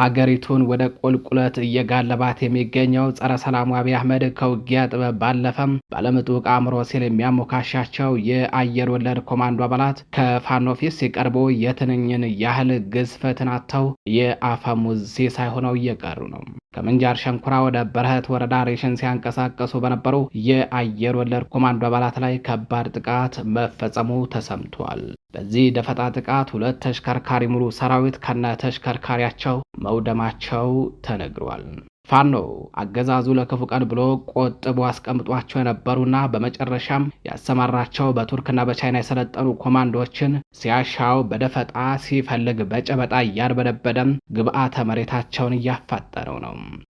ሀገሪቱን ወደ ቁልቁለት እየጋለባት የሚገኘው ጸረ ሰላሙ አብይ አህመድ ከውጊያ ጥበብ ባለፈም ባለምጡቅ አእምሮ ሲል የሚያሞካሻቸው የአየር ወለድ ኮማንዶ አባላት ከፋኖ ፊት ሲቀርቡ የትንኝን ያህል ግዝፈትን አጥተው የአፈሙዝ ሲሳይ ሆነው እየቀሩ ነው። ከምንጃር ሸንኩራ ወደ በረሀት ወረዳ ሬሽን ሲያንቀሳቀሱ በነበሩ የአየር ወለድ ኮማንዶ አባላት ላይ ከባድ ጥቃት መፈጸሙ ተሰምቷል። በዚህ ደፈጣ ጥቃት ሁለት ተሽከርካሪ ሙሉ ሰራዊት ከነ ተሽከርካሪያቸው መውደማቸው ተነግሯል። ፋኖ አገዛዙ ለክፉ ቀን ብሎ ቆጥቦ አስቀምጧቸው የነበሩና በመጨረሻም ያሰማራቸው በቱርክና በቻይና የሰለጠኑ ኮማንዶዎችን ሲያሻው በደፈጣ ሲፈልግ በጨበጣ እያርበደበደም ግብአተ መሬታቸውን እያፋጠነው ነው።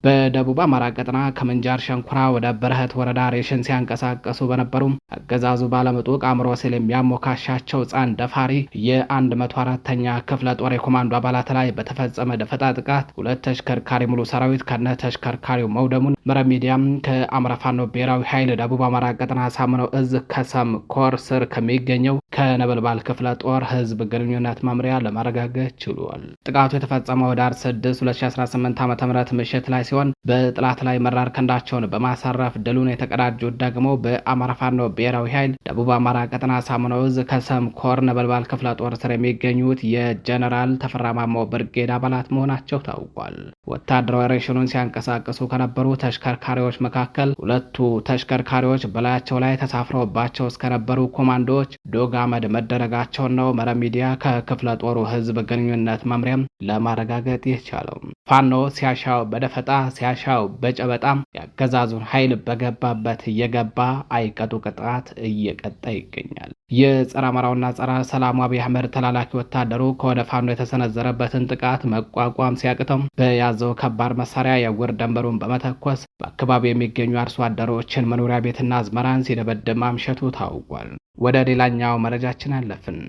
በደቡብ አማራ ቀጠና ከምንጃር ሸንኩራ ወደ በረህት ወረዳ ሬሽን ሲያንቀሳቀሱ በነበሩ አገዛዙ ባለምጡቅ አእምሮ ሲል የሚያሞካሻቸው ጻን ደፋሪ የ104ኛ ክፍለ ጦር የኮማንዶ አባላት ላይ በተፈጸመ ደፈጣ ጥቃት ሁለት ተሽከርካሪ ሙሉ ሰራዊት ከነ ተሽከርካሪው መውደሙን መረብ ሚዲያም ከአማራ ፋኖ ብሔራዊ ኃይል ደቡብ አማራ ቀጠና ሳምነው እዝ ከሰም ኮር ስር ከሚገኘው ከነበልባል ክፍለ ጦር ህዝብ ግንኙነት መምሪያ ለማረጋገጥ ችሏል። ጥቃቱ የተፈጸመው ዳር 6 2018 ዓ ም ምሽት ላይ ሲሆን በጥላት ላይ መራር ክንዳቸውን በማሳረፍ ድሉን የተቀዳጁት ደግሞ በአማራ ፋኖ ብሔራዊ ኃይል ደቡብ አማራ ቀጠና ሳምኖ ከሰም ኮር ነበልባል ክፍለ ጦር ስር የሚገኙት የጀነራል ተፈራማሞ ብርጌድ አባላት መሆናቸው ታውቋል። ወታደራዊ ሬሽኑን ሲያንቀሳቅሱ ከነበሩ ተሽከርካሪዎች መካከል ሁለቱ ተሽከርካሪዎች በላያቸው ላይ ተሳፍረውባቸው እስከነበሩ ኮማንዶዎች ዶግ አመድ መደረጋቸውን ነው መረብ ሚዲያ ከክፍለ ጦሩ ህዝብ ግንኙነት መምሪያም ለማረጋገጥ የቻለው። ፋኖ ሲያሻው በደፈጣ ሲያሻው በጨበጣም የአገዛዙን ኃይል በገባበት እየገባ አይቀጡ ቅጣት እየቀጣ ይገኛል። የጸረ አማራውና ጸረ ሰላሙ አብይ አህመድ ተላላኪ ወታደሩ ከወደ ፋኖ የተሰነዘረበትን ጥቃት መቋቋም ሲያቅተው በያዘው ከባድ መሳሪያ የውር ደንበሩን በመተኮስ በአካባቢው የሚገኙ አርሶ አደሮችን መኖሪያ ቤትና አዝመራን ሲደበድብ ማምሸቱ ታውቋል። ወደ ሌላኛው መረጃችን አለፍን።